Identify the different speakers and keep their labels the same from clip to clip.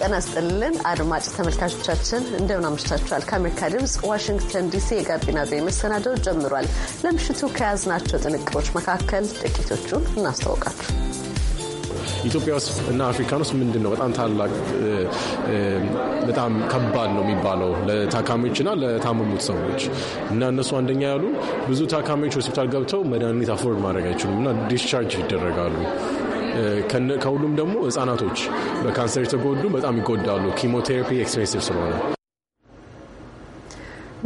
Speaker 1: ጤና ይስጥልን አድማጭ ተመልካቾቻችን፣ እንደምን አምሽታችኋል። ከአሜሪካ ድምፅ ዋሽንግተን ዲሲ የጋቢና ዜ መሰናደው ጀምሯል። ለምሽቱ ከያዝናቸው ጥንቅሮች መካከል ጥቂቶቹን እናስታውቃችሁ።
Speaker 2: ኢትዮጵያ ውስጥ እና አፍሪካን ውስጥ ምንድን ነው በጣም ታላቅ በጣም ከባድ ነው የሚባለው ለታካሚዎችና ለታመሙት ሰዎች እና እነሱ አንደኛ ያሉ ብዙ ታካሚዎች ሆስፒታል ገብተው መድኃኒት አፎርድ ማድረግ አይችሉም እና ዲስቻርጅ ይደረጋሉ ከሁሉም ደግሞ ህጻናቶች በካንሰር የተጎዱ በጣም ይጎዳሉ ኪሞቴራፒ ኤክስፔንሲቭ ስለሆነ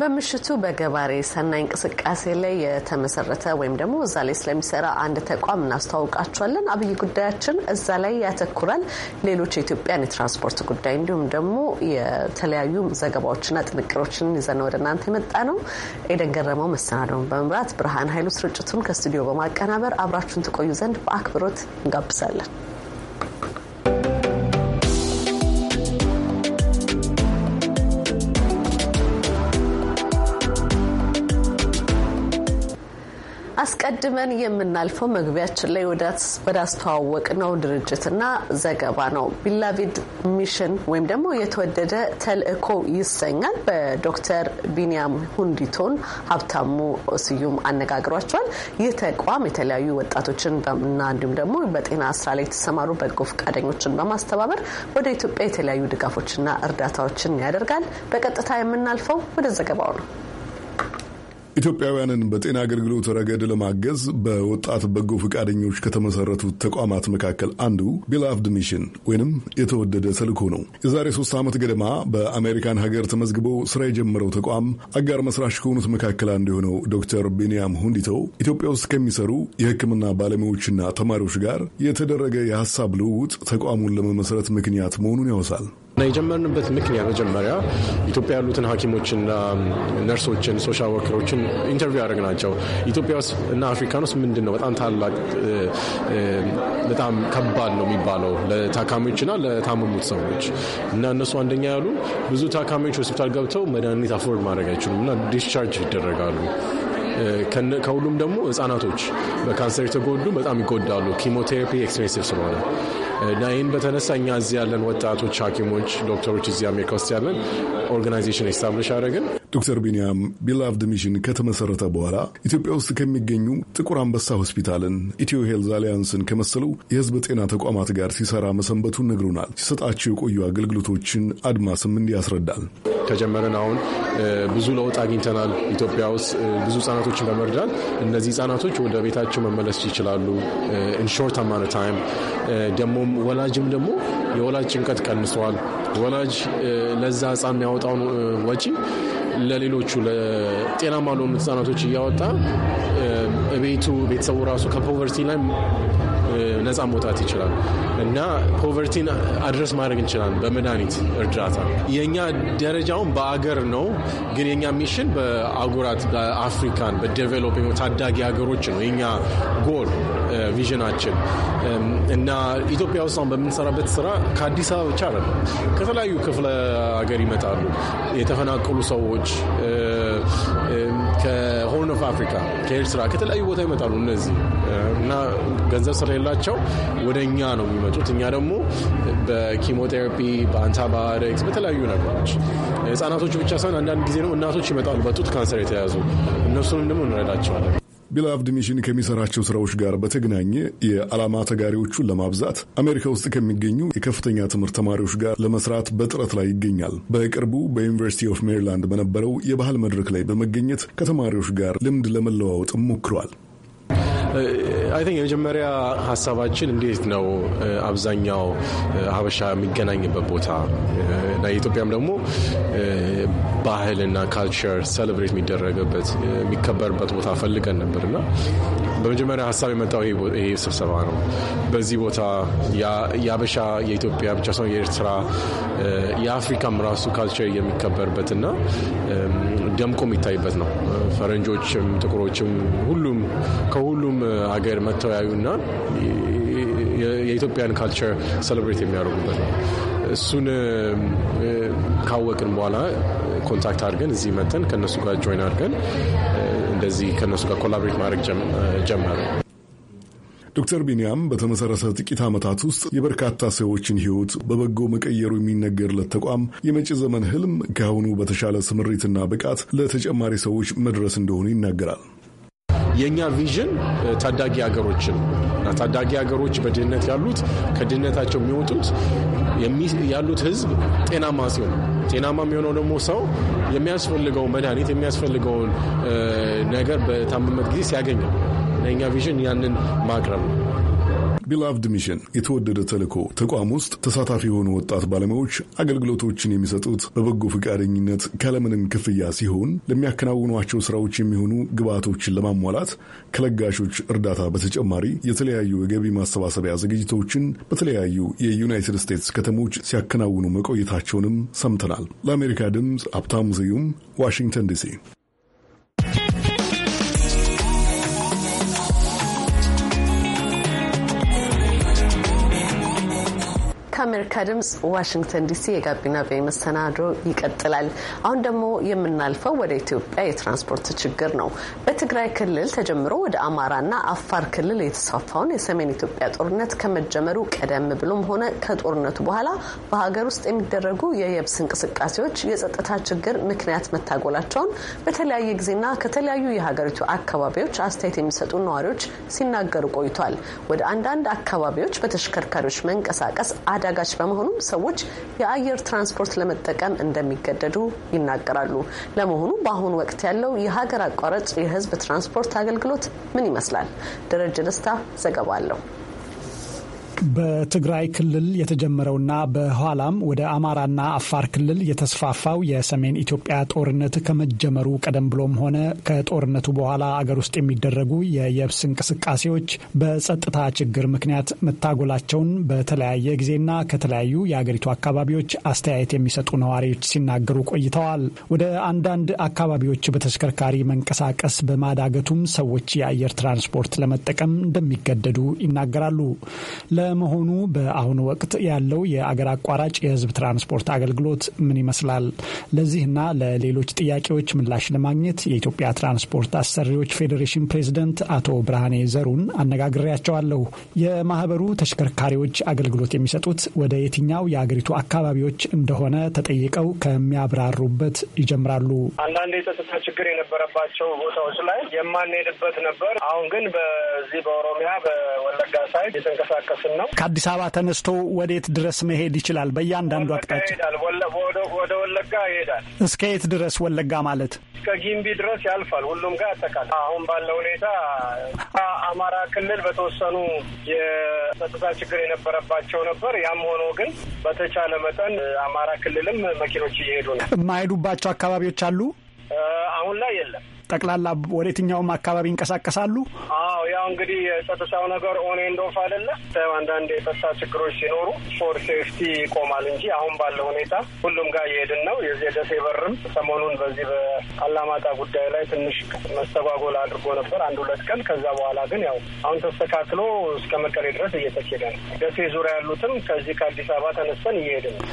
Speaker 1: በምሽቱ በገባሬ ሰናይ እንቅስቃሴ ላይ የተመሰረተ ወይም ደግሞ እዛ ላይ ስለሚሰራ አንድ ተቋም እናስተዋውቃቸዋለን። አብይ ጉዳያችን እዛ ላይ ያተኩራል። ሌሎች የኢትዮጵያን የትራንስፖርት ጉዳይ እንዲሁም ደግሞ የተለያዩ ዘገባዎችና ጥንቅሮችን ይዘን ወደ እናንተ የመጣ ነው። ኤደን ገረመው መሰናደውን በመምራት ብርሃን ኃይሉ ስርጭቱን ከስቱዲዮ በማቀናበር አብራችሁን ትቆዩ ዘንድ በአክብሮት እንጋብዛለን። ቀድመን የምናልፈው መግቢያችን ላይ ወደ አስተዋወቅ ነው ድርጅትና ዘገባ ነው። ቢላቪድ ሚሽን ወይም ደግሞ የተወደደ ተልእኮ ይሰኛል። በዶክተር ቢንያም ሁንዲቶን ሀብታሙ ስዩም አነጋግሯቸዋል። ይህ ተቋም የተለያዩ ወጣቶችን እና እንዲሁም ደግሞ በጤና ስራ ላይ የተሰማሩ በጎ ፈቃደኞችን በማስተባበር ወደ ኢትዮጵያ የተለያዩ ድጋፎችና እርዳታዎችን ያደርጋል። በቀጥታ የምናልፈው ወደ ዘገባው ነው።
Speaker 3: ኢትዮጵያውያንን በጤና አገልግሎት ረገድ ለማገዝ በወጣት በጎ ፈቃደኞች ከተመሰረቱት ተቋማት መካከል አንዱ ቢላቭድ ሚሽን ወይንም የተወደደ ተልእኮ ነው። የዛሬ ሶስት ዓመት ገደማ በአሜሪካን ሀገር ተመዝግቦ ስራ የጀመረው ተቋም አጋር መስራች ከሆኑት መካከል አንዱ የሆነው ዶክተር ቢንያም ሁንዲተው ኢትዮጵያ ውስጥ ከሚሰሩ የሕክምና ባለሙያዎችና ተማሪዎች ጋር የተደረገ የሀሳብ ልውውጥ ተቋሙን ለመመስረት ምክንያት መሆኑን ያወሳል። የጀመርንበት ምክንያት መጀመሪያ ኢትዮጵያ ያሉትን ሐኪሞችና
Speaker 2: ነርሶችን፣ ሶሻል ወርከሮችን ኢንተርቪው ያደረግ ናቸው። ኢትዮጵያ ውስጥ እና አፍሪካን ውስጥ ምንድን ነው በጣም ታላቅ በጣም ከባድ ነው የሚባለው ለታካሚዎችና ለታመሙት ሰዎች እና እነሱ አንደኛ ያሉ ብዙ ታካሚዎች ሆስፒታል ገብተው መድኃኒት አፎርድ ማድረግ አይችሉም እና ዲስቻርጅ ይደረጋሉ። ከሁሉም ደግሞ ህጻናቶች በካንሰር የተጎዱ በጣም ይጎዳሉ፣ ኪሞቴራፒ ኤክስፔንሲቭ ስለሆነ ናይን ይህን በተነሳ እኛ እዚህ ያለን ወጣቶች፣ ሐኪሞች፣ ዶክተሮች እዚህ አሜሪካ ውስጥ ያለን ኦርጋናይዜሽን ኤስታብሊሽ አደረግን።
Speaker 3: ዶክተር ቢንያም ቢላቭድ ሚሽን ከተመሰረተ በኋላ ኢትዮጵያ ውስጥ ከሚገኙ ጥቁር አንበሳ ሆስፒታልን፣ ኢትዮ ሄልዝ አሊያንስን ከመሰሉ የህዝብ ጤና ተቋማት ጋር ሲሰራ መሰንበቱን ነግሩናል። ሲሰጣቸው የቆዩ አገልግሎቶችን አድማስም እንዲህ ያስረዳል።
Speaker 2: ከጀመርን አሁን ብዙ ለውጥ አግኝተናል። ኢትዮጵያ ውስጥ ብዙ ህጻናቶችን በመርዳት እነዚህ ህጻናቶች ወደ ቤታቸው መመለስ ይችላሉ። ኢንሾርት አማነ ታይም ደግሞ ወላጅም ደግሞ የወላጅ ጭንቀት ቀንሰዋል። ወላጅ ለዛ ሕፃን የሚያወጣውን ወጪ ለሌሎቹ ለጤናማ ለሆኑ ሕጻናቶች እያወጣ ቤቱ ቤተሰቡ ራሱ ከፖቨርቲ ላይ ነፃ መውጣት ይችላል እና ፖቨርቲን አድረስ ማድረግ እንችላለን በመድኃኒት እርዳታ። የእኛ ደረጃውን በአገር ነው፣ ግን የኛ ሚሽን በአጉራት በአፍሪካን በዴቨሎፒንግ ታዳጊ ሀገሮች ነው የኛ ጎል ቪዥናችን እና ኢትዮጵያ ውስጥ በምንሰራበት ስራ ከአዲስ አበባ ብቻ አይደለም፣ ከተለያዩ ክፍለ ሀገር ይመጣሉ የተፈናቀሉ ሰዎች ከሆርን ኦፍ አፍሪካ፣ ከኤርትራ፣ ከተለያዩ ቦታ ይመጣሉ እነዚህ እና ገንዘብ ስለሌላቸው ወደ እኛ ነው የሚመጡት። እኛ ደግሞ በኪሞቴራፒ በአንታባሪክስ፣ በተለያዩ ነገሮች ህጻናቶች ብቻ ሳይሆን አንዳንድ ጊዜ ነው እናቶች ይመጣሉ በጡት ካንሰር የተያዙ እነሱንም ደግሞ እንረዳቸዋለን።
Speaker 3: ቢላቭድ ሚሽን ከሚሰራቸው ስራዎች ጋር በተገናኘ የዓላማ ተጋሪዎቹን ለማብዛት አሜሪካ ውስጥ ከሚገኙ የከፍተኛ ትምህርት ተማሪዎች ጋር ለመስራት በጥረት ላይ ይገኛል። በቅርቡ በዩኒቨርሲቲ ኦፍ ሜሪላንድ በነበረው የባህል መድረክ ላይ በመገኘት ከተማሪዎች ጋር ልምድ ለመለዋወጥ ሞክሯል።
Speaker 2: አይ ቲንክ የመጀመሪያ ሀሳባችን እንዴት ነው አብዛኛው ሀበሻ የሚገናኝበት ቦታ እና የኢትዮጵያም ደግሞ ባህልና ካልቸር ሰለብሬት የሚደረግበት የሚከበርበት ቦታ ፈልገን ነበር እና በመጀመሪያ ሀሳብ የመጣው ይሄ ስብሰባ ነው። በዚህ ቦታ የአበሻ የኢትዮጵያ ብቻ ሳይሆን የኤርትራ የአፍሪካም ራሱ ካልቸር የሚከበርበትና ደምቆ የሚታይበት ነው። ፈረንጆችም፣ ጥቁሮችም ሁሉም ከሁሉም ሁሉም uh, ሀገር መጥተው ያዩና የኢትዮጵያን ካልቸር ሰለብሬት የሚያደርጉበት ነው። እሱን um, ካወቅን በኋላ ኮንታክት አድርገን እዚህ መተን ከነሱ ጋር ጆይን አድርገን uh, እንደዚህ ከነሱ ጋር ኮላቦሬት ማድረግ uh, ጀመረ።
Speaker 3: ዶክተር ቢንያም በተመሰረተ ጥቂት ዓመታት ውስጥ የበርካታ ሰዎችን ሕይወት በበጎ መቀየሩ የሚነገርለት ተቋም የመጪ ዘመን ህልም ከአሁኑ በተሻለ ስምሪትና ብቃት ለተጨማሪ ሰዎች መድረስ እንደሆነ ይናገራል።
Speaker 2: የእኛ ቪዥን ታዳጊ ሀገሮችን እና ታዳጊ ሀገሮች በድህነት ያሉት ከድህነታቸው የሚወጡት ያሉት ህዝብ ጤናማ ሲሆን ጤናማ የሚሆነው ደግሞ ሰው የሚያስፈልገው መድኃኒት የሚያስፈልገውን ነገር በታመመበት ጊዜ ሲያገኘው እኛ ቪዥን ያንን ማቅረብ
Speaker 3: ነው። ቢላቭድ ሚሽን የተወደደ ተልኮ ተቋም ውስጥ ተሳታፊ የሆኑ ወጣት ባለሙያዎች አገልግሎቶችን የሚሰጡት በበጎ ፈቃደኝነት ካለምንም ክፍያ ሲሆን ለሚያከናውኗቸው ስራዎች የሚሆኑ ግብዓቶችን ለማሟላት ከለጋሾች እርዳታ በተጨማሪ የተለያዩ የገቢ ማሰባሰቢያ ዝግጅቶችን በተለያዩ የዩናይትድ ስቴትስ ከተሞች ሲያከናውኑ መቆየታቸውንም ሰምተናል። ለአሜሪካ ድምፅ ሀብታሙ ስዩም ዋሽንግተን ዲሲ
Speaker 1: ከአሜሪካ ድምጽ ዋሽንግተን ዲሲ የጋቢና ቤ መሰናዶ ይቀጥላል። አሁን ደግሞ የምናልፈው ወደ ኢትዮጵያ የትራንስፖርት ችግር ነው። በትግራይ ክልል ተጀምሮ ወደ አማራና አፋር ክልል የተስፋፋውን የሰሜን ኢትዮጵያ ጦርነት ከመጀመሩ ቀደም ብሎም ሆነ ከጦርነቱ በኋላ በሀገር ውስጥ የሚደረጉ የየብስ እንቅስቃሴዎች የጸጥታ ችግር ምክንያት መታጎላቸውን በተለያየ ጊዜና ከተለያዩ የሀገሪቱ አካባቢዎች አስተያየት የሚሰጡ ነዋሪዎች ሲናገሩ ቆይቷል። ወደ አንዳንድ አካባቢዎች በተሽከርካሪዎች መንቀሳቀስ አዳ አዳጋች በመሆኑም ሰዎች የአየር ትራንስፖርት ለመጠቀም እንደሚገደዱ ይናገራሉ። ለመሆኑ በአሁኑ ወቅት ያለው የሀገር አቋራጭ የህዝብ ትራንስፖርት አገልግሎት ምን ይመስላል? ደረጀ ደስታ
Speaker 4: ዘገባ አለው።
Speaker 5: በትግራይ ክልል የተጀመረውና በኋላም ወደ አማራና አፋር ክልል የተስፋፋው የሰሜን ኢትዮጵያ ጦርነት ከመጀመሩ ቀደም ብሎም ሆነ ከጦርነቱ በኋላ አገር ውስጥ የሚደረጉ የየብስ እንቅስቃሴዎች በጸጥታ ችግር ምክንያት መታጎላቸውን በተለያየ ጊዜና ከተለያዩ የአገሪቱ አካባቢዎች አስተያየት የሚሰጡ ነዋሪዎች ሲናገሩ ቆይተዋል። ወደ አንዳንድ አካባቢዎች በተሽከርካሪ መንቀሳቀስ በማዳገቱም ሰዎች የአየር ትራንስፖርት ለመጠቀም እንደሚገደዱ ይናገራሉ። ለመሆኑ በአሁኑ ወቅት ያለው የአገር አቋራጭ የህዝብ ትራንስፖርት አገልግሎት ምን ይመስላል? ለዚህና ለሌሎች ጥያቄዎች ምላሽ ለማግኘት የኢትዮጵያ ትራንስፖርት አሰሪዎች ፌዴሬሽን ፕሬዝደንት አቶ ብርሃኔ ዘሩን አነጋግሬያቸዋለሁ። የማህበሩ ተሽከርካሪዎች አገልግሎት የሚሰጡት ወደ የትኛው የአገሪቱ አካባቢዎች እንደሆነ ተጠይቀው ከሚያብራሩበት ይጀምራሉ።
Speaker 6: አንዳንድ የጸጥታ ችግር የነበረባቸው ቦታዎች ላይ የማንሄድበት ነበር። አሁን ግን በዚህ በኦሮሚያ በወለጋ ሳይድ የተንቀሳቀስን ነው።
Speaker 5: ከአዲስ አበባ ተነስቶ ወዴት ድረስ መሄድ ይችላል? በእያንዳንዱ አቅጣጫ ወደ ወለጋ ይሄዳል። እስከ የት ድረስ ወለጋ ማለት
Speaker 6: እስከ ጊምቢ ድረስ ያልፋል። ሁሉም ጋር ያጠቃል። አሁን ባለው ሁኔታ አማራ ክልል በተወሰኑ የጸጥታ ችግር የነበረባቸው ነበር። ያም ሆኖ ግን በተቻለ መጠን አማራ ክልልም መኪኖች እየሄዱ ነው።
Speaker 5: የማይሄዱባቸው አካባቢዎች አሉ።
Speaker 6: አሁን ላይ የለም።
Speaker 5: ጠቅላላ ወደ የትኛውም አካባቢ ይንቀሳቀሳሉ።
Speaker 6: እንግዲህ የጸጥታው ነገር ኦኔ ኤንድ ኦፍ አይደለ። አንዳንድ የጸጥታ ችግሮች ሲኖሩ ፎር ሴፍቲ ይቆማል እንጂ አሁን ባለው ሁኔታ ሁሉም ጋር እየሄድን ነው። የዚህ የደሴ በርም ሰሞኑን በዚህ በአላማጣ ጉዳይ ላይ ትንሽ መስተጓጎል አድርጎ ነበር አንድ ሁለት ቀን። ከዛ በኋላ ግን ያው አሁን ተስተካክሎ እስከ መቀሌ ድረስ እየተኬደ ነው። ደሴ ዙሪያ ያሉትም ከዚህ ከአዲስ አበባ ተነስተን እየሄድን ነው።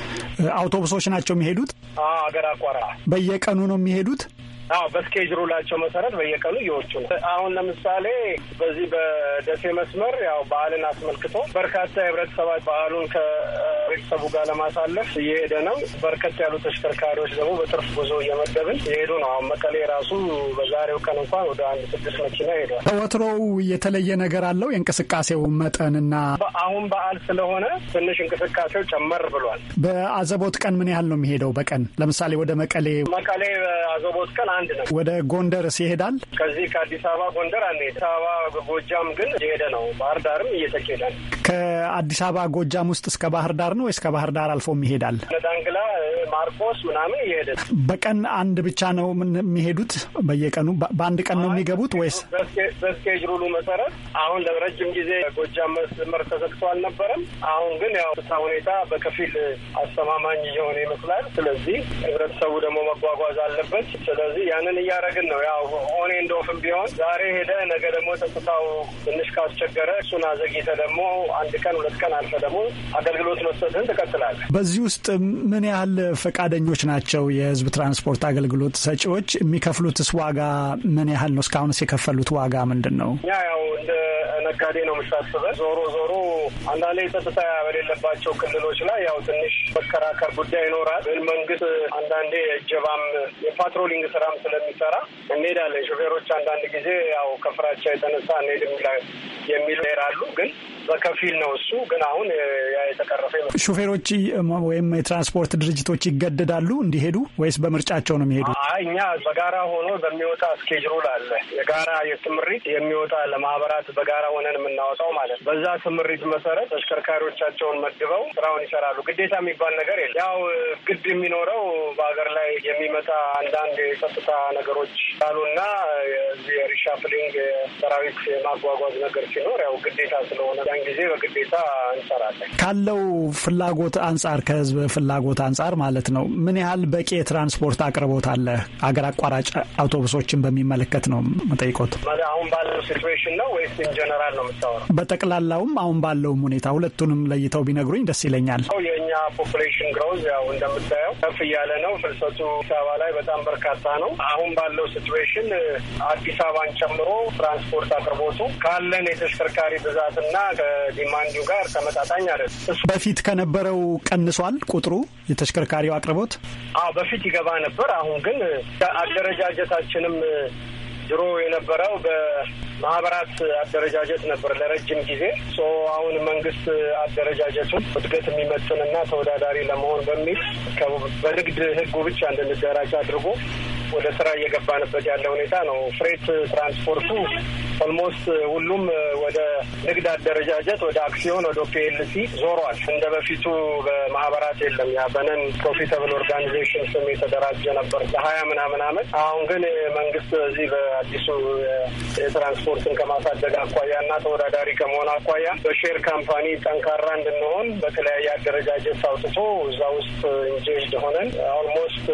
Speaker 5: አውቶቡሶች ናቸው የሚሄዱት፣
Speaker 6: አገር አቋራ
Speaker 5: በየቀኑ ነው የሚሄዱት።
Speaker 6: አዎ በስኬጅሩላቸው መሰረት በየቀኑ ነው። አሁን ለምሳሌ በዚህ በደሴ መስመር ያው በዓልን አስመልክቶ በርካታ የህብረተሰባት በዓሉን ከቤተሰቡ ጋር ለማሳለፍ እየሄደ ነው። በርከት ያሉ ተሽከርካሪዎች ደግሞ በትርፍ ጉዞ እየመደብን የሄዱ ነው። አሁን መቀሌ ራሱ በዛሬው ቀን እንኳን ወደ አንድ ስድስት መኪና ሄዷል።
Speaker 5: ከወትሮው የተለየ ነገር አለው የእንቅስቃሴው መጠንና
Speaker 6: አሁን በዓል ስለሆነ ትንሽ እንቅስቃሴው ጨመር ብሏል።
Speaker 5: በአዘቦት ቀን ምን ያህል ነው የሚሄደው በቀን ለምሳሌ ወደ መቀሌ
Speaker 6: መቀሌ በአዘቦት ቀን አንድ ነው። ወደ
Speaker 5: ጎንደርስ ይሄዳል?
Speaker 6: ከዚህ ከአዲስ አበባ ጎንደር አንሄድ። አዲስ አበባ ጎጃም ግን እየሄደ ነው። ባህር ዳርም እየተኬደ ነው።
Speaker 5: ከአዲስ አበባ ጎጃም ውስጥ እስከ ባህር ዳር ነው ወይስ ከባህር ዳር አልፎም ይሄዳል?
Speaker 6: ለዳንግላ ማርቆስ ምናምን እየሄደ ነው።
Speaker 5: በቀን አንድ ብቻ ነው የሚሄዱት? በየቀኑ በአንድ ቀን ነው የሚገቡት ወይስ
Speaker 6: በስኬጅሩሉ መሰረት? አሁን ለረጅም ጊዜ ጎጃም መስመር ተዘግቶ አልነበረም። አሁን ግን ያው ሁኔታ በከፊል አስተማማኝ የሆነ ይመስላል። ስለዚህ ህብረተሰቡ ደግሞ መጓጓዝ አለበት። ስለዚህ ያንን እያደረግን ነው። ያው ኦን ኤንድ ኦፍም ቢሆን ዛሬ ሄደ ነገ ደግሞ ጸጥታው ትንሽ ካስቸገረ እሱን አዘግይተ ደግሞ አንድ ቀን ሁለት ቀን አልፈ ደግሞ አገልግሎት መስጠትን ትቀጥላል።
Speaker 5: በዚህ ውስጥ ምን ያህል ፈቃደኞች ናቸው የህዝብ ትራንስፖርት አገልግሎት ሰጪዎች? የሚከፍሉትስ ዋጋ ምን ያህል ነው? እስካሁንስ የከፈሉት ዋጋ ምንድን ነው?
Speaker 6: ያው እንደ ነጋዴ ነው የምታስበ ዞሮ ዞሮ አንዳንዴ ጸጥታ በሌለባቸው ክልሎች ላይ ያው ትንሽ መከራከር ጉዳይ ይኖራል። ግን መንግስት አንዳንዴ እጀባም የፓትሮሊንግ ስራም ስለሚሰራ እንሄዳለን። ሾፌሮች አንዳንድ ጊዜ ያው ከፍራቻ የተነሳ እንሄድም የሚሉ ይሄዳሉ። ግን በከፊል ነው እሱ። ግን አሁን ያ የተቀረፈ
Speaker 5: ሹፌሮች ወይም የትራንስፖርት ድርጅቶች ይገደዳሉ እንዲሄዱ ወይስ በምርጫቸው ነው የሚሄዱ?
Speaker 6: እኛ በጋራ ሆኖ በሚወጣ እስኬጅሩል አለ የጋራ የስምሪት የሚወጣ ለማህበራት በጋራ ሆነን የምናወጣው ማለት ነው። በዛ ስምሪት መሰረት ተሽከርካሪዎቻቸውን መድበው ስራውን ይሰራሉ። ግዴታ የሚባል ነገር የለም። ያው ግድ የሚኖረው በሀገር ላይ የሚመጣ አንዳንድ የጸጥታ ነገሮች ካሉና
Speaker 5: የሪሻፍሊንግ ሰራዊት የማጓጓዝ ነገር ሲኖር ያው ግዴታ ስለሆነ ያን ጊዜ በግዴታ እንሰራለን። ካለው ፍላጎት አንጻር ከህዝብ ፍላጎት አንጻር ማለት ነው ምን ያህል በቂ የትራንስፖርት አቅርቦት አለ? አገር አቋራጭ አውቶቡሶችን በሚመለከት ነው መጠይቆት
Speaker 6: አሁን ባለው ሲትዌሽን ነው ወይስ ኢንጀነራል ባህል ነው የምታወራው።
Speaker 5: በጠቅላላውም አሁን ባለውም ሁኔታ ሁለቱንም ለይተው ቢነግሩኝ ደስ ይለኛል።
Speaker 6: የእኛ ፖፑሌሽን ግሮዝ ያው እንደምታየው ከፍ እያለ ነው። ፍልሰቱ አዲስ አበባ ላይ በጣም በርካታ ነው። አሁን ባለው ሲትዌሽን አዲስ አበባን ጨምሮ ትራንስፖርት አቅርቦቱ ካለን የተሽከርካሪ ብዛትና ከዲማንዱ ጋር ተመጣጣኝ አይደለም።
Speaker 5: በፊት ከነበረው ቀንሷል ቁጥሩ የተሽከርካሪው አቅርቦት።
Speaker 6: አዎ በፊት ይገባ ነበር። አሁን ግን አደረጃጀታችንም ድሮ የነበረው በማህበራት አደረጃጀት ነበር ለረጅም ጊዜ። አሁን መንግስት አደረጃጀቱን እድገት የሚመጥንና ተወዳዳሪ ለመሆን በሚል በንግድ ህጉ ብቻ እንድንደራጅ አድርጎ ወደ ስራ እየገባንበት ያለ ሁኔታ ነው። ፍሬት ትራንስፖርቱ ኦልሞስት ሁሉም ወደ ንግድ አደረጃጀት፣ ወደ አክሲዮን፣ ወደ ፒኤልሲ ዞሯል። እንደ በፊቱ በማህበራት የለም። ያ በነን ፕሮፊታብል ኦርጋኒዜሽን ስም የተደራጀ ነበር ለሀያ ምናምን አመት። አሁን ግን መንግስት በዚህ በአዲሱ የትራንስፖርትን ከማሳደግ አኳያና ተወዳዳሪ ከመሆን አኳያ በሼር ካምፓኒ ጠንካራ እንድንሆን በተለያየ አደረጃጀት አውጥቶ እዛ ውስጥ ኢንጌጅድ ሆነን ኦልሞስት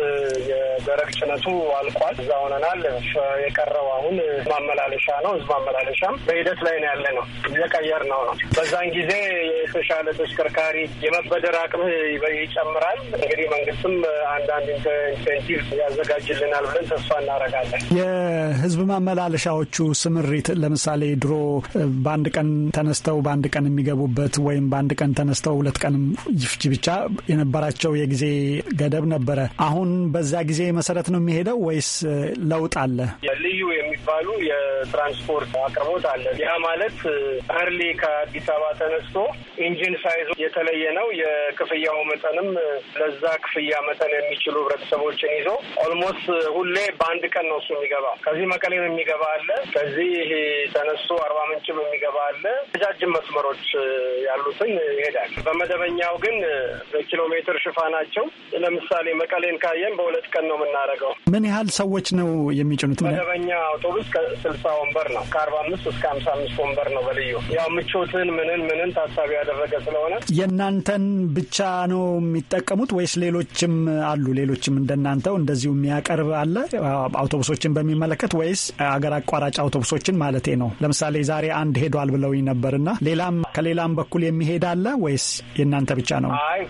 Speaker 6: የደረግ ጭነቱ አልቋል። እዛ ሆነናል። የቀረው አሁን ማመላለሻ ነው። ህዝብ ማመላለሻም በሂደት ላይ ነው ያለ ነው እየቀየር ነው ነው። በዛን ጊዜ የተሻለ ተሽከርካሪ የመበደር አቅም ይጨምራል።
Speaker 5: እንግዲህ መንግስትም አንዳንድ ኢንሴንቲቭ ያዘጋጅልናል ብለን ተስፋ እናደርጋለን። የህዝብ ማመላለሻዎቹ ስምሪት ለምሳሌ ድሮ በአንድ ቀን ተነስተው በአንድ ቀን የሚገቡበት ወይም በአንድ ቀን ተነስተው ሁለት ቀንም ይፍጅ ብቻ የነበራቸው የጊዜ ገደብ ነበረ። አሁን በዛ ጊዜ መሰረት ነው የሚሄደው ነው ወይስ ለውጥ አለ?
Speaker 6: ልዩ የሚባሉ የትራንስፖርት አቅርቦት አለ። ያ ማለት እርሊ ከአዲስ አበባ ተነስቶ ኢንጂን ሳይዙ የተለየ ነው። የክፍያው መጠንም ለዛ ክፍያ መጠን የሚችሉ ህብረተሰቦችን ይዞ ኦልሞስት ሁሌ በአንድ ቀን ነው እሱ የሚገባ። ከዚህ መቀሌም የሚገባ አለ። ከዚህ ተነስቶ አርባ ምንጭም የሚገባ አለ። ረጃጅም መስመሮች ያሉትን ይሄዳል። በመደበኛው ግን በኪሎ ሜትር ሽፋናቸው ለምሳሌ መቀሌን ካየን በሁለት ቀን ነው የምናደርገው።
Speaker 5: ምን ያህል ሰዎች ነው የሚጭኑት? መደበኛ
Speaker 6: አውቶቡስ ከስልሳ ወንበር ነው ከአርባ አምስት እስከ ሀምሳ አምስት ወንበር ነው በልዩ ያው ምቾትን ምንን ምንን ታሳቢ ያደረገ ስለሆነ
Speaker 5: የእናንተን ብቻ ነው የሚጠቀሙት ወይስ ሌሎችም አሉ? ሌሎችም እንደናንተው እንደዚሁ የሚያቀርብ አለ አውቶቡሶችን በሚመለከት ወይስ አገር አቋራጭ አውቶቡሶችን ማለቴ ነው። ለምሳሌ ዛሬ አንድ ሄዷል ብለውኝ ነበርና ሌላም ከሌላም በኩል የሚሄድ አለ ወይስ የእናንተ ብቻ ነው?
Speaker 6: አይ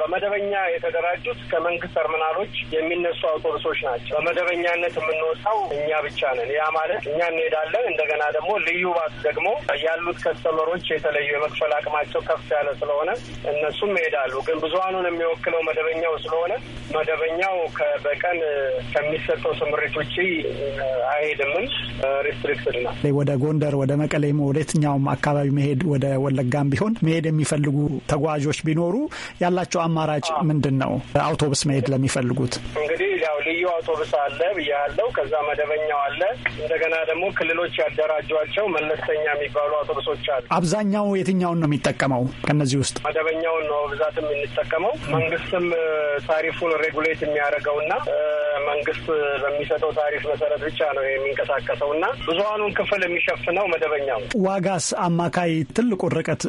Speaker 6: በመደበኛ የተደራጁት ከመንግስት ተርሚናሎች የሚነሱ አውቶቡሶች ናቸው። በመደበኛነት የምንወሳው እኛ ብቻ ነን። ያ ማለት እኛ እንሄዳለን። እንደገና ደግሞ ልዩ ባስ ደግሞ ያሉት ከስተመሮች የተለዩ የመክፈል አቅማቸው ከፍ ያለ ስለሆነ እነሱም ይሄዳሉ። ግን ብዙሀኑን የሚወክለው መደበኛው ስለሆነ መደበኛው በቀን ከሚሰጠው ስምሪት ውጭ አይሄድምም። ሪስትሪክትድ ነው።
Speaker 5: ወደ ጎንደር፣ ወደ መቀሌ ወደ የትኛውም አካባቢ መሄድ ወደ ወለጋም ቢሆን መሄድ የሚፈልጉ ተጓዦች ቢኖሩ ያላቸው አማራጭ ምንድን ነው? አውቶቡስ መሄድ ለሚፈልጉት
Speaker 6: እንግዲህ ልዩ አውቶቡስ አለ ብያለው። ከዛ መደበኛው አለ። እንደገና ደግሞ ክልሎች
Speaker 5: ያደራጇቸው መለስተኛ የሚባሉ አውቶቡሶች አሉ። አብዛኛው የትኛውን ነው የሚጠቀመው? ከነዚህ ውስጥ
Speaker 6: መደበኛውን ነው ብዛትም የሚጠቀመው። መንግስትም ታሪፉን ሬጉሌት የሚያደርገው እና መንግስት በሚሰጠው ታሪፍ መሰረት ብቻ ነው የሚንቀሳቀሰው እና ብዙሀኑን ክፍል የሚሸፍነው መደበኛው።
Speaker 5: ዋጋስ አማካይ ትልቁ ርቀት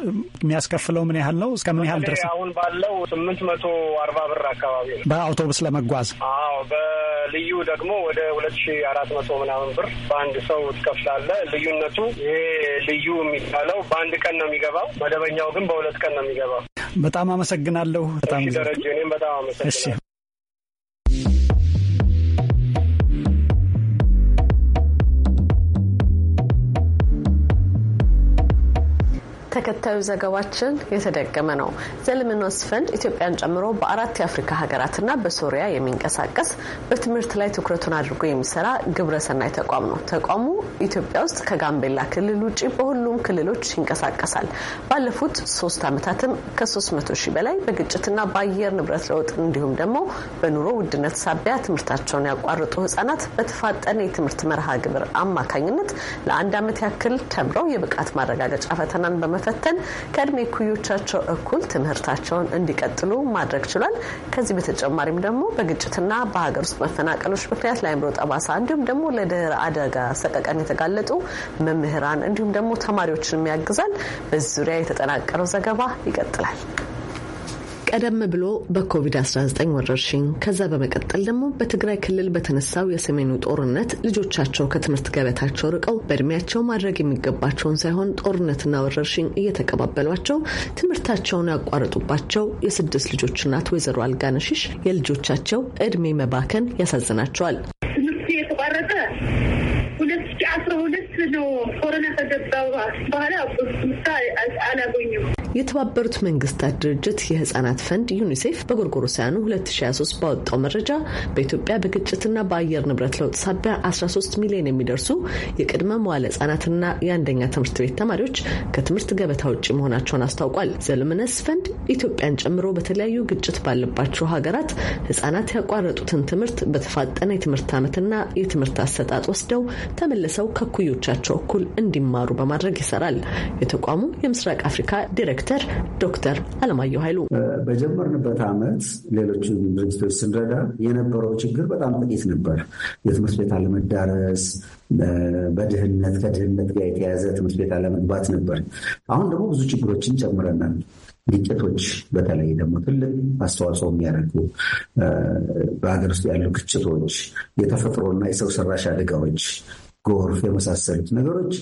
Speaker 5: የሚያስከፍለው ምን ያህል ነው? እስከ ምን ያህል ድረስ?
Speaker 6: አሁን ባለው ስምንት መቶ አርባ ብር አካባቢ ነው በአውቶቡስ ለመጓዝ። አዎ ልዩ ደግሞ ወደ ሁለት ሺ አራት መቶ ምናምን ብር በአንድ ሰው ትከፍላለ።
Speaker 5: ልዩነቱ ይሄ ልዩ የሚባለው በአንድ ቀን ነው የሚገባው፣ መደበኛው ግን በሁለት ቀን ነው የሚገባው። በጣም አመሰግናለሁ። በጣም ደረጀ፣
Speaker 6: እኔም በጣም አመሰግናለሁ።
Speaker 1: ተከታዩ ዘገባችን የተደገመ ነው። ዘልምኖስ ፈንድ ኢትዮጵያን ጨምሮ በአራት የአፍሪካ ሀገራትና በሶሪያ የሚንቀሳቀስ በትምህርት ላይ ትኩረቱን አድርጎ የሚሰራ ግብረሰናይ ተቋም ነው። ተቋሙ ኢትዮጵያ ውስጥ ከጋምቤላ ክልል ውጭ በሁሉም ክልሎች ይንቀሳቀሳል። ባለፉት ሶስት ዓመታትም ከ300 ሺህ በላይ በግጭትና በአየር ንብረት ለውጥ እንዲሁም ደግሞ በኑሮ ውድነት ሳቢያ ትምህርታቸውን ያቋረጡ ህጻናት በተፋጠነ የትምህርት መርሃ ግብር አማካኝነት ለአንድ ዓመት ያክል ተምረው የብቃት ማረጋገጫ ፈተናን በመ በመፈተን ከእድሜ ኩዮቻቸው እኩል ትምህርታቸውን እንዲቀጥሉ ማድረግ ችሏል። ከዚህ በተጨማሪም ደግሞ በግጭትና በሀገር ውስጥ መፈናቀሎች ምክንያት ለአይምሮ ጠባሳ እንዲሁም ደግሞ ለድህረ አደጋ ሰቀቀን የተጋለጡ መምህራን እንዲሁም ደግሞ ተማሪዎችንም ያግዛል። በዚህ ዙሪያ የተጠናቀረው ዘገባ ይቀጥላል። ቀደም ብሎ በኮቪድ-19 ወረርሽኝ ከዛ በመቀጠል ደግሞ በትግራይ ክልል በተነሳው የሰሜኑ ጦርነት ልጆቻቸው ከትምህርት ገበታቸው ርቀው በእድሜያቸው ማድረግ የሚገባቸውን ሳይሆን ጦርነትና ወረርሽኝ እየተቀባበሏቸው ትምህርታቸውን ያቋረጡባቸው የስድስት ልጆች እናት ወይዘሮ አልጋነሽሽ የልጆቻቸው እድሜ መባከን ያሳዝናቸዋል።
Speaker 4: ትምህርቱ የተቋረጠ ሁለት ሺህ አስራ ሁለት ነው ኮሮና ከገባ በኋላ ምሳ አላገኙም።
Speaker 1: የተባበሩት መንግስታት ድርጅት የህጻናት ፈንድ ዩኒሴፍ በጎርጎሮሳያኑ 2023 ባወጣው መረጃ በኢትዮጵያ በግጭትና በአየር ንብረት ለውጥ ሳቢያ 13 ሚሊዮን የሚደርሱ የቅድመ መዋለ ህጻናትና የአንደኛ ትምህርት ቤት ተማሪዎች ከትምህርት ገበታ ውጭ መሆናቸውን አስታውቋል። ዘልምነስ ፈንድ ኢትዮጵያን ጨምሮ በተለያዩ ግጭት ባለባቸው ሀገራት ህጻናት ያቋረጡትን ትምህርት በተፋጠነ የትምህርት ዓመትና የትምህርት አሰጣጥ ወስደው ተመልሰው ከኩዮች ልጆቻቸው እኩል እንዲማሩ በማድረግ ይሰራል። የተቋሙ የምስራቅ አፍሪካ ዲሬክተር ዶክተር አለማየሁ ኃይሉ በጀመርንበት ዓመት
Speaker 7: ሌሎችን ድርጅቶች ስንረዳ የነበረው ችግር በጣም ጥቂት ነበር። የትምህርት ቤት አለመዳረስ፣ በድህነት ከድህነት ጋር የተያዘ ትምህርት ቤት አለመግባት ነበር። አሁን ደግሞ ብዙ ችግሮችን ጨምረናል። ግጭቶች በተለይ ደግሞ ትልቅ አስተዋጽኦ የሚያደርጉ በሀገር ውስጥ ያሉ ግጭቶች፣ የተፈጥሮና የሰው ሰራሽ አደጋዎች ጎርፍ የመሳሰሉት ነገሮች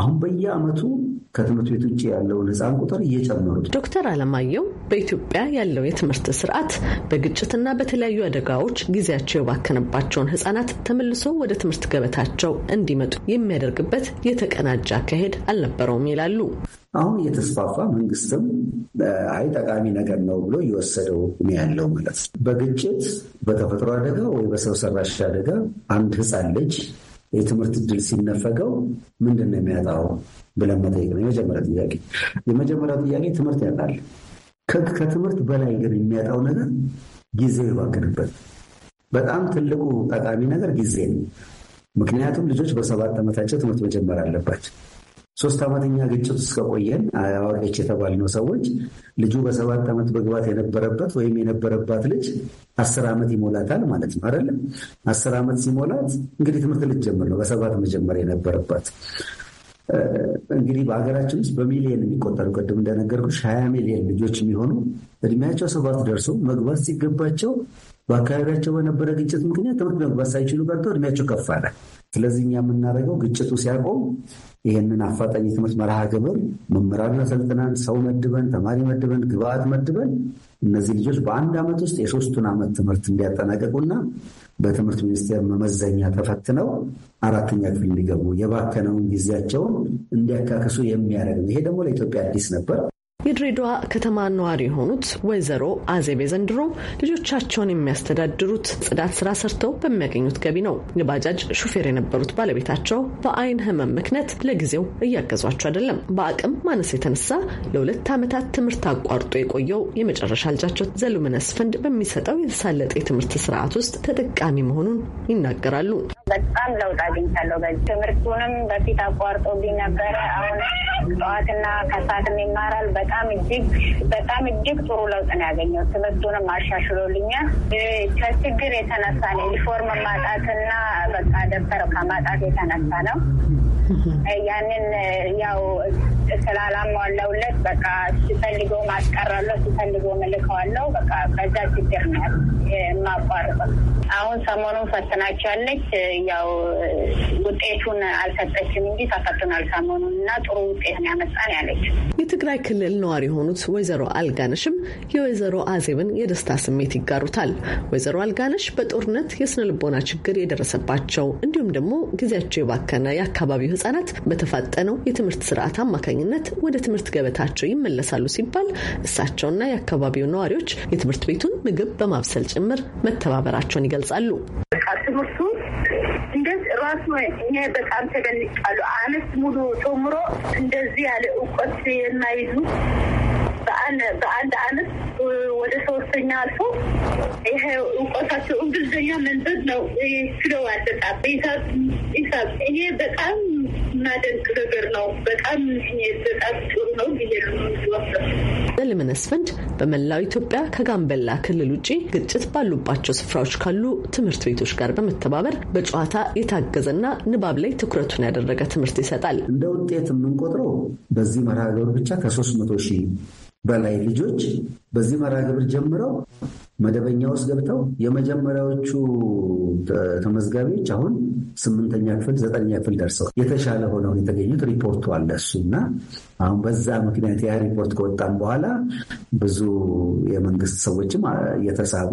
Speaker 7: አሁን በየአመቱ ከትምህርት ቤት ውጭ ያለውን ህፃን ቁጥር እየጨመሩት።
Speaker 1: ዶክተር አለማየሁ በኢትዮጵያ ያለው የትምህርት ስርዓት በግጭትና በተለያዩ አደጋዎች ጊዜያቸው የባከነባቸውን ህጻናት ተመልሶ ወደ ትምህርት ገበታቸው እንዲመጡ የሚያደርግበት የተቀናጀ አካሄድ አልነበረውም ይላሉ። አሁን እየተስፋፋ
Speaker 7: መንግስትም አይ ጠቃሚ ነገር ነው ብሎ እየወሰደው ያለው ማለት ነው። በግጭት በተፈጥሮ አደጋ ወይ በሰው ሰራሽ አደጋ አንድ ህፃን ልጅ የትምህርት እድል ሲነፈገው ምንድን ነው የሚያጣው ብለን መጠየቅ ነው የመጀመሪያ ጥያቄ። የመጀመሪያው ጥያቄ ትምህርት ያጣል። ከትምህርት በላይ ግን የሚያጣው ነገር ጊዜ ይባክንበት። በጣም ትልቁ ጠቃሚ ነገር ጊዜ ነው። ምክንያቱም ልጆች በሰባት ዓመታቸው ትምህርት መጀመር አለባቸው። ሶስት ዓመተኛ ግጭት ውስጥ ከቆየን አዋቂዎች የተባልነው ሰዎች ልጁ በሰባት ዓመት መግባት የነበረበት ወይም የነበረባት ልጅ አስር ዓመት ይሞላታል ማለት ነው አይደለም። አስር ዓመት ሲሞላት እንግዲህ ትምህርት ልትጀምር ነው። በሰባት መጀመር የነበረባት እንግዲህ በሀገራችን ውስጥ በሚሊየን የሚቆጠሩ ቅድም እንደነገርኩሽ ሀያ ሚሊየን ልጆች የሚሆኑ እድሜያቸው ሰባት ደርሶ መግባት ሲገባቸው በአካባቢያቸው በነበረ ግጭት ምክንያት ትምህርት መግባት ሳይችሉ ቀርቶ እድሜያቸው ከፍ አለ። ስለዚህ እኛ የምናደርገው ግጭቱ ሲያቆም ይህንን አፋጣኝ የትምህርት መርሃ ግብር መምህራን አሰልጥነን ሰው መድበን ተማሪ መድበን ግብአት መድበን እነዚህ ልጆች በአንድ ዓመት ውስጥ የሶስቱን ዓመት ትምህርት እንዲያጠናቀቁና በትምህርት ሚኒስቴር መመዘኛ ተፈትነው አራተኛ ክፍል እንዲገቡ የባከነውን ጊዜያቸውን እንዲያካክሱ የሚያደርግ ነው። ይሄ ደግሞ ለኢትዮጵያ አዲስ ነበር።
Speaker 1: የድሬዳዋ ከተማ ነዋሪ የሆኑት ወይዘሮ አዜቤ ዘንድሮ ልጆቻቸውን የሚያስተዳድሩት ጽዳት ስራ ሰርተው በሚያገኙት ገቢ ነው። የባጃጅ ሹፌር የነበሩት ባለቤታቸው በአይን ህመም ምክንያት ለጊዜው እያገዟቸው አይደለም። በአቅም ማነስ የተነሳ ለሁለት ዓመታት ትምህርት አቋርጦ የቆየው የመጨረሻ ልጃቸው ዘሉምነስ ፈንድ በሚሰጠው የተሳለጠ የትምህርት ስርዓት ውስጥ ተጠቃሚ መሆኑን ይናገራሉ።
Speaker 4: በጣም ለውጥ አግኝቻለሁ። በዚህ ትምህርቱንም በፊት አቋርጦብኝ ነበረ። አሁን ጠዋትና ከሰዓትም ይማራል በጣም በጣም እጅግ በጣም እጅግ ጥሩ ለውጥ ነው ያገኘው። ትምህርቱንም አሻሽሎልኛል። ከችግር የተነሳ ነው ዩኒፎርም ማጣትና በቃ ደብተር ከማጣት የተነሳ ነው። ያንን ያው ስላላሟላውለት በቃ ሲፈልገው ማስቀራለሁ ሲፈልገው መልከዋለው። በቃ በዛ ችግር ነው የማቋርጠው። አሁን ሰሞኑን ፈትናቸዋለች። ያው ውጤቱን አልሰጠችም እንጂ ተፈትናል ሰሞኑን እና ጥሩ ውጤት ነው ያመጣን ያለች።
Speaker 1: የትግራይ ክልል ነዋሪ የሆኑት ወይዘሮ አልጋነሽም የወይዘሮ አዜብን የደስታ ስሜት ይጋሩታል። ወይዘሮ አልጋነሽ በጦርነት የስነ ልቦና ችግር የደረሰባቸው እንዲሁም ደግሞ ጊዜያቸው የባከነ የአካባቢው ህጻናት በተፋጠነው የትምህርት ስርዓት አማካኝነት ወደ ትምህርት ገበታቸው ይመለሳሉ ሲባል እሳቸውና የአካባቢው ነዋሪዎች የትምህርት ቤቱን ምግብ በማብሰል ጭምር መተባበራቸውን ይገልጻሉ። ትምህርቱን
Speaker 7: ራሱ
Speaker 4: እኔ በጣም ተደንቃሉ። አመት ሙሉ ተምሮ እንደዚህ ያለ እውቀት የማይዙ በአንድ አመት ወደ ሶስተኛ አልፎ
Speaker 7: ይሄ እውቀታቸው እንግሊዝኛ መንበብ ነው ችለው አልበጣም
Speaker 4: ይሳብ እኔ በጣም የምናደንቅ ነገር ነው። በጣም በጣም ጥሩ ነው ብዬ
Speaker 1: ለልመነስ በመላው ኢትዮጵያ ከጋምበላ ክልል ውጭ ግጭት ባሉባቸው ስፍራዎች ካሉ ትምህርት ቤቶች ጋር በመተባበር በጨዋታ የታገዘና ንባብ ላይ ትኩረቱን ያደረገ ትምህርት ይሰጣል። እንደ ውጤት የምንቆጥረው በዚህ መርሃ ግብር ብቻ
Speaker 7: ከሶስት መቶ ሺህ በላይ ልጆች በዚህ መርሃ ግብር ጀምረው መደበኛ ውስጥ ገብተው የመጀመሪያዎቹ ተመዝጋቢዎች አሁን ስምንተኛ ክፍል ዘጠነኛ ክፍል ደርሰው የተሻለ ሆነውን የተገኙት ሪፖርቱ አለ እሱ እና አሁን በዛ ምክንያት ያ ሪፖርት ከወጣም በኋላ ብዙ የመንግስት ሰዎችም እየተሳቡ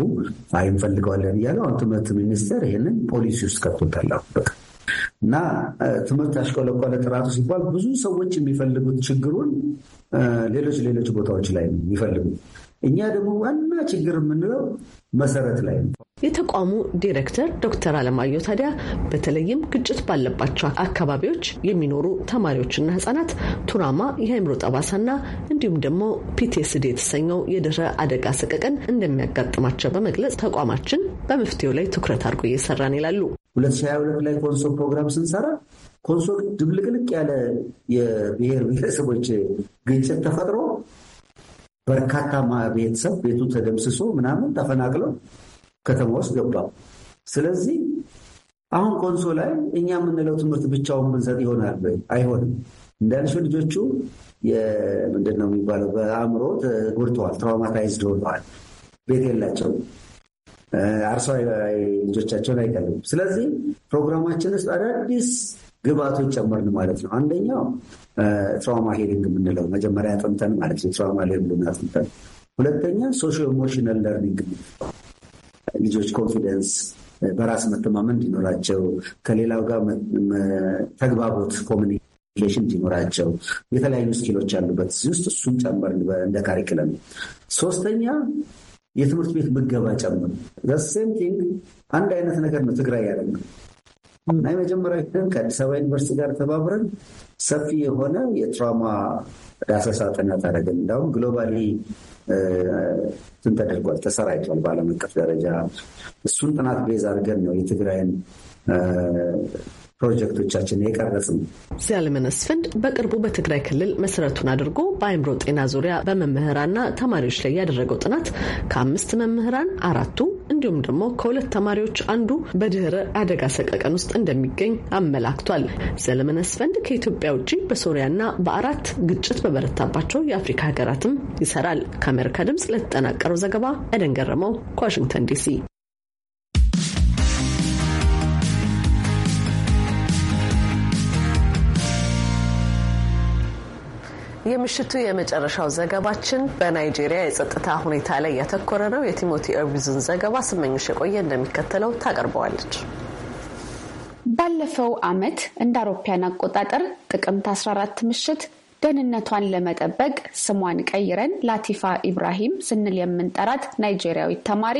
Speaker 7: አይ እንፈልገዋለን እያለው አሁን ትምህርት ሚኒስቴር ይህንን ፖሊሲ ውስጥ ከቶታል አሁን እና ትምህርት ያሽቆለቆለ ጥራቱ ሲባል ብዙ ሰዎች የሚፈልጉት ችግሩን ሌሎች ሌሎች ቦታዎች ላይ ነው የሚፈልጉት እኛ ደግሞ ዋና ችግር የምንለው መሰረት ላይ ነው።
Speaker 1: የተቋሙ ዲሬክተር ዶክተር አለማየሁ ታዲያ በተለይም ግጭት ባለባቸው አካባቢዎች የሚኖሩ ተማሪዎችና ህጻናት ቱራማ የአይምሮ ጠባሳና እንዲሁም ደግሞ ፒቴስድ የተሰኘው የድህረ አደጋ ሰቀቀን እንደሚያጋጥማቸው በመግለጽ ተቋማችን በመፍትሄው ላይ ትኩረት አድርጎ እየሰራን ይላሉ። 2022 ላይ ኮንሶ ፕሮግራም
Speaker 7: ስንሰራ ኮንሶ ድብልቅልቅ ያለ የብሔር
Speaker 1: ብሔረሰቦች ግጭት
Speaker 7: ተፈጥሮ በርካታ ቤተሰብ ቤቱ ተደምስሶ ምናምን ተፈናቅለው ከተማ ውስጥ ገባ ስለዚህ አሁን ኮንሶ ላይ እኛ የምንለው ትምህርት ብቻውን ብንሰጥ ይሆናል አይሆንም። እንዳልሽው ልጆቹ ምንድን ነው የሚባለው በአእምሮ ጎድተዋል፣ ትራውማታይዝድ ሆነዋል። ቤት የላቸውም። አርሶ ልጆቻቸውን አይቀልም። ስለዚህ ፕሮግራማችን ውስጥ አዳዲስ ግብአቶች ጨመርን ማለት ነው። አንደኛው ትራውማ ሂሊንግ የምንለው መጀመሪያ አጥንተን ማለት ነው። ትራውማ ሂሊንግ አጥንተን፣ ሁለተኛ ሶሽ ኢሞሽናል ለርኒንግ ልጆች ኮንፊደንስ በራስ መተማመን እንዲኖራቸው ከሌላው ጋር ተግባቦት ኮሚኒኬሽን እንዲኖራቸው የተለያዩ ስኪሎች ያሉበት እዚህ ውስጥ እሱን ጨምር እንደ ካሪክለም። ሶስተኛ የትምህርት ቤት ምገባ ጨምር። ዘሴም ቲንግ አንድ አይነት ነገር ነው ትግራይ ያለ ነው እና የመጀመሪያ ከአዲስ አበባ ዩኒቨርሲቲ ጋር ተባብረን ሰፊ የሆነ የትራውማ ዳሰሳ ጥናት አደረግን። እንዲሁም ግሎባሊ እንትን ተደርጓል፣ ተሰራይቷል በዓለም አቀፍ ደረጃ። እሱን ጥናት ቤዝ አድርገን ነው የትግራይን ፕሮጀክቶቻችን የቀረጽም።
Speaker 1: ዘላለመነስ ፈንድ በቅርቡ በትግራይ ክልል መሰረቱን አድርጎ በአእምሮ ጤና ዙሪያ በመምህራንና ተማሪዎች ላይ ያደረገው ጥናት ከአምስት መምህራን አራቱ እንዲሁም ደግሞ ከሁለት ተማሪዎች አንዱ በድህረ አደጋ ሰቀቀን ውስጥ እንደሚገኝ አመላክቷል። ዘለመነስ ፈንድ ከኢትዮጵያ ውጭ በሶሪያና በአራት ግጭት በበረታባቸው የአፍሪካ ሀገራትም ይሰራል። ከአሜሪካ ድምፅ ለተጠናቀረው ዘገባ ኤደን ገረመው ከዋሽንግተን ዲሲ የምሽቱ የመጨረሻው ዘገባችን በናይጄሪያ የጸጥታ ሁኔታ ላይ ያተኮረ ነው። የቲሞቲ ኦቢዝን ዘገባ ስመኝሽ የቆየ እንደሚከተለው ታቀርበዋለች።
Speaker 4: ባለፈው ዓመት እንደ አውሮፓያን አቆጣጠር ጥቅምት 14 ምሽት ደህንነቷን ለመጠበቅ ስሟን ቀይረን ላቲፋ ኢብራሂም ስንል የምንጠራት ናይጄሪያዊት ተማሪ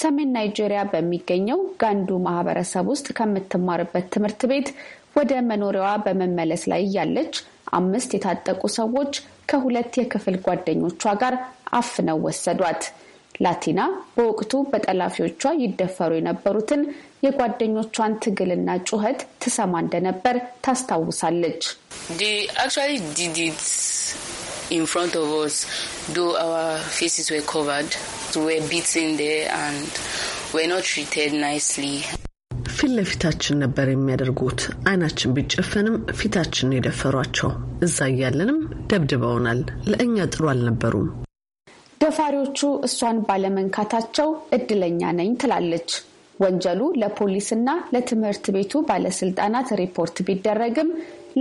Speaker 4: ሰሜን ናይጄሪያ በሚገኘው ጋንዱ ማህበረሰብ ውስጥ ከምትማርበት ትምህርት ቤት ወደ መኖሪያዋ በመመለስ ላይ እያለች አምስት የታጠቁ ሰዎች ከሁለት የክፍል ጓደኞቿ ጋር አፍነው ወሰዷት። ላቲና በወቅቱ በጠላፊዎቿ ይደፈሩ የነበሩትን የጓደኞቿን ትግልና ጩኸት ትሰማ እንደነበር ታስታውሳለች።
Speaker 1: ፊት ለፊታችን ነበር የሚያደርጉት። አይናችን ቢጨፈንም ፊታችንን የደፈሯቸው። እዛ እያለንም ደብድበውናል። ለእኛ ጥሩ አልነበሩም።
Speaker 4: ደፋሪዎቹ እሷን ባለመንካታቸው እድለኛ ነኝ ትላለች። ወንጀሉ ለፖሊስና ለትምህርት ቤቱ ባለስልጣናት ሪፖርት ቢደረግም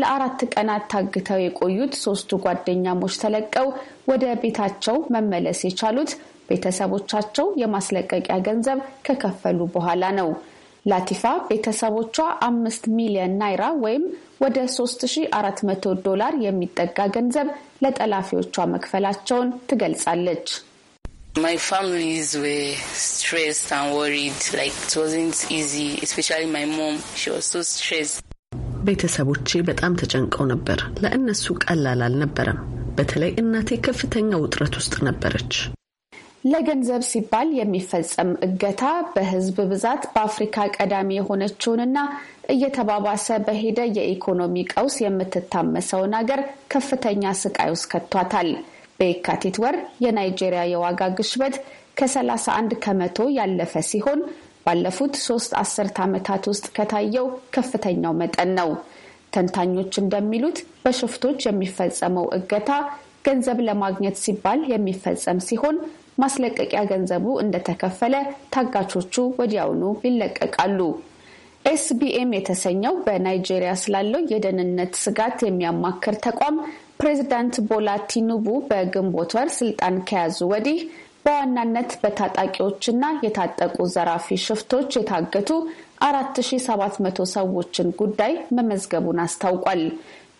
Speaker 4: ለአራት ቀናት ታግተው የቆዩት ሶስቱ ጓደኛሞች ተለቀው ወደ ቤታቸው መመለስ የቻሉት ቤተሰቦቻቸው የማስለቀቂያ ገንዘብ ከከፈሉ በኋላ ነው። ላቲፋ ቤተሰቦቿ አምስት ሚሊዮን ናይራ ወይም ወደ 3400 ዶላር የሚጠጋ ገንዘብ ለጠላፊዎቿ መክፈላቸውን ትገልጻለች።
Speaker 1: ቤተሰቦቼ በጣም ተጨንቀው ነበር። ለእነሱ ቀላል አልነበረም። በተለይ እናቴ ከፍተኛ ውጥረት ውስጥ ነበረች።
Speaker 4: ለገንዘብ ሲባል የሚፈጸም እገታ በህዝብ ብዛት በአፍሪካ ቀዳሚ የሆነችውንና እየተባባሰ በሄደ የኢኮኖሚ ቀውስ የምትታመሰውን አገር ከፍተኛ ስቃይ ውስጥ ከቷታል። በየካቲት ወር የናይጄሪያ የዋጋ ግሽበት ከ31 ከመቶ ያለፈ ሲሆን ባለፉት ሶስት አስርት ዓመታት ውስጥ ከታየው ከፍተኛው መጠን ነው። ተንታኞች እንደሚሉት በሽፍቶች የሚፈጸመው እገታ ገንዘብ ለማግኘት ሲባል የሚፈጸም ሲሆን ማስለቀቂያ ገንዘቡ እንደተከፈለ ታጋቾቹ ወዲያውኑ ይለቀቃሉ። ኤስቢኤም የተሰኘው በናይጄሪያ ስላለው የደህንነት ስጋት የሚያማክር ተቋም ፕሬዚዳንት ቦላ ቲኑቡ በግንቦት ወር ስልጣን ከያዙ ወዲህ በዋናነት በታጣቂዎችና የታጠቁ ዘራፊ ሽፍቶች የታገቱ 4700 ሰዎችን ጉዳይ መመዝገቡን አስታውቋል።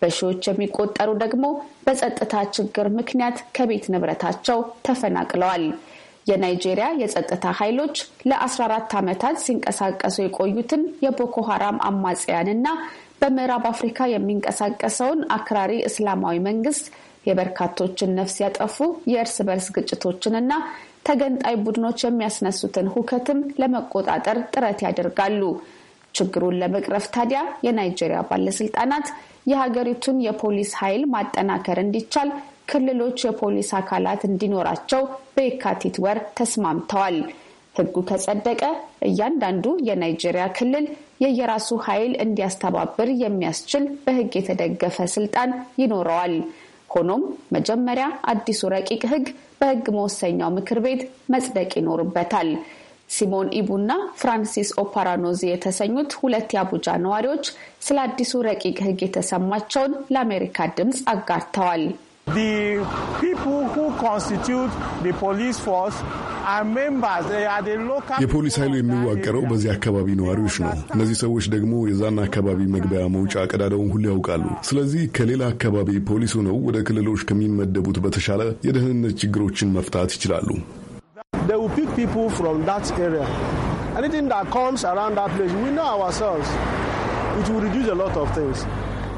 Speaker 4: በሺዎች የሚቆጠሩ ደግሞ በጸጥታ ችግር ምክንያት ከቤት ንብረታቸው ተፈናቅለዋል። የናይጄሪያ የጸጥታ ኃይሎች ለ14 ዓመታት ሲንቀሳቀሱ የቆዩትን የቦኮ ሀራም አማጽያንና በምዕራብ አፍሪካ የሚንቀሳቀሰውን አክራሪ እስላማዊ መንግስት የበርካቶችን ነፍስ ያጠፉ የእርስ በርስ ግጭቶችንና ተገንጣይ ቡድኖች የሚያስነሱትን ሁከትም ለመቆጣጠር ጥረት ያደርጋሉ። ችግሩን ለመቅረፍ ታዲያ የናይጄሪያ ባለስልጣናት የሀገሪቱን የፖሊስ ኃይል ማጠናከር እንዲቻል ክልሎች የፖሊስ አካላት እንዲኖራቸው በየካቲት ወር ተስማምተዋል። ሕጉ ከጸደቀ እያንዳንዱ የናይጄሪያ ክልል የየራሱ ኃይል እንዲያስተባብር የሚያስችል በሕግ የተደገፈ ስልጣን ይኖረዋል። ሆኖም መጀመሪያ አዲሱ ረቂቅ ሕግ በሕግ መወሰኛው ምክር ቤት መጽደቅ ይኖርበታል። ሲሞን ኢቡና ፍራንሲስ ኦፓራኖዚ የተሰኙት ሁለት የአቡጃ ነዋሪዎች ስለ አዲሱ ረቂቅ ሕግ የተሰማቸውን ለአሜሪካ ድምፅ አጋርተዋል።
Speaker 3: የፖሊስ ኃይሉ የሚዋቀረው በዚህ አካባቢ ነዋሪዎች ነው። እነዚህ ሰዎች ደግሞ የዛን አካባቢ መግቢያ መውጫ ቀዳዳውን ሁሉ ያውቃሉ። ስለዚህ ከሌላ አካባቢ ፖሊስ ሆነው ወደ ክልሎች ከሚመደቡት በተሻለ የደህንነት ችግሮችን መፍታት ይችላሉ።
Speaker 6: they will pick people from that area. Anything that comes around that place, we know ourselves, it will reduce a
Speaker 3: lot of things.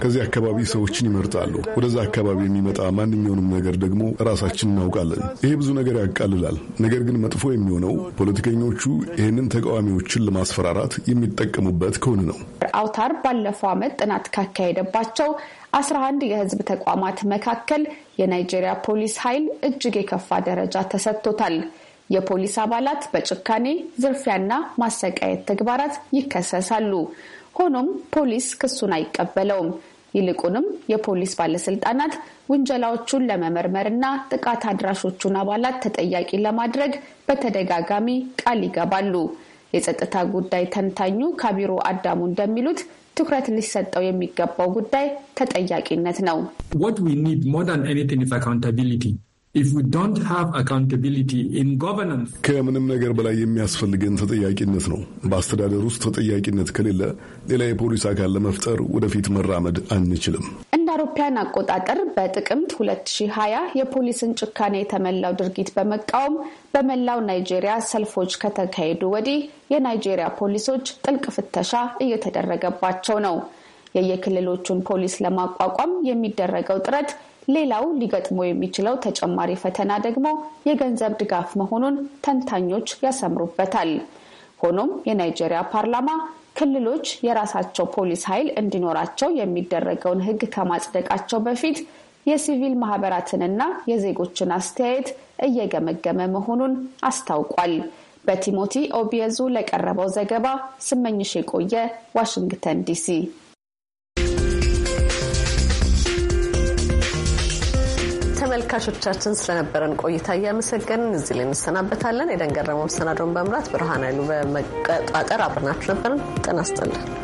Speaker 3: ከዚህ አካባቢ ሰዎችን ይመርጣሉ። ወደዛ አካባቢ የሚመጣ ማንኛውንም ነገር ደግሞ ራሳችን እናውቃለን። ይሄ ብዙ ነገር ያቃልላል። ነገር ግን መጥፎ የሚሆነው ፖለቲከኞቹ ይህንን ተቃዋሚዎችን ለማስፈራራት የሚጠቀሙበት ከሆነ ነው።
Speaker 4: አውታር ባለፈው ዓመት ጥናት ካካሄደባቸው 11 የህዝብ ተቋማት መካከል የናይጄሪያ ፖሊስ ኃይል እጅግ የከፋ ደረጃ ተሰጥቶታል። የፖሊስ አባላት በጭካኔ ዝርፊያና ማሰቃየት ተግባራት ይከሰሳሉ። ሆኖም ፖሊስ ክሱን አይቀበለውም። ይልቁንም የፖሊስ ባለስልጣናት ውንጀላዎቹን ለመመርመርና ጥቃት አድራሾቹን አባላት ተጠያቂ ለማድረግ በተደጋጋሚ ቃል ይገባሉ። የጸጥታ ጉዳይ ተንታኙ ከቢሮ አዳሙ እንደሚሉት ትኩረት ሊሰጠው የሚገባው ጉዳይ ተጠያቂነት ነው።
Speaker 3: ከምንም ነገር በላይ የሚያስፈልገን ተጠያቂነት ነው። በአስተዳደር ውስጥ ተጠያቂነት ከሌለ ሌላ የፖሊስ አካል ለመፍጠር ወደፊት መራመድ አንችልም።
Speaker 4: እንደ አውሮፓውያን አቆጣጠር በጥቅምት 2020 የፖሊስን ጭካኔ የተሞላው ድርጊት በመቃወም በመላው ናይጄሪያ ሰልፎች ከተካሄዱ ወዲህ የናይጄሪያ ፖሊሶች ጥልቅ ፍተሻ እየተደረገባቸው ነው። የየክልሎቹን ፖሊስ ለማቋቋም የሚደረገው ጥረት ሌላው ሊገጥሞ የሚችለው ተጨማሪ ፈተና ደግሞ የገንዘብ ድጋፍ መሆኑን ተንታኞች ያሰምሩበታል። ሆኖም የናይጄሪያ ፓርላማ ክልሎች የራሳቸው ፖሊስ ኃይል እንዲኖራቸው የሚደረገውን ሕግ ከማጽደቃቸው በፊት የሲቪል ማህበራትንና የዜጎችን አስተያየት እየገመገመ መሆኑን አስታውቋል። በቲሞቲ ኦቢየዙ ለቀረበው ዘገባ ስመኝሽ የቆየ ዋሽንግተን ዲሲ።
Speaker 1: ተመልካቾቻችን ስለነበረን ቆይታ እያመሰገንን እዚህ ላይ እንሰናበታለን። የደንገረመው መሰናዶውን በምራት ብርሃን ኃይሉ በመቀጣጠር አብረናችሁ ነበርን። ጤና ይስጥልን።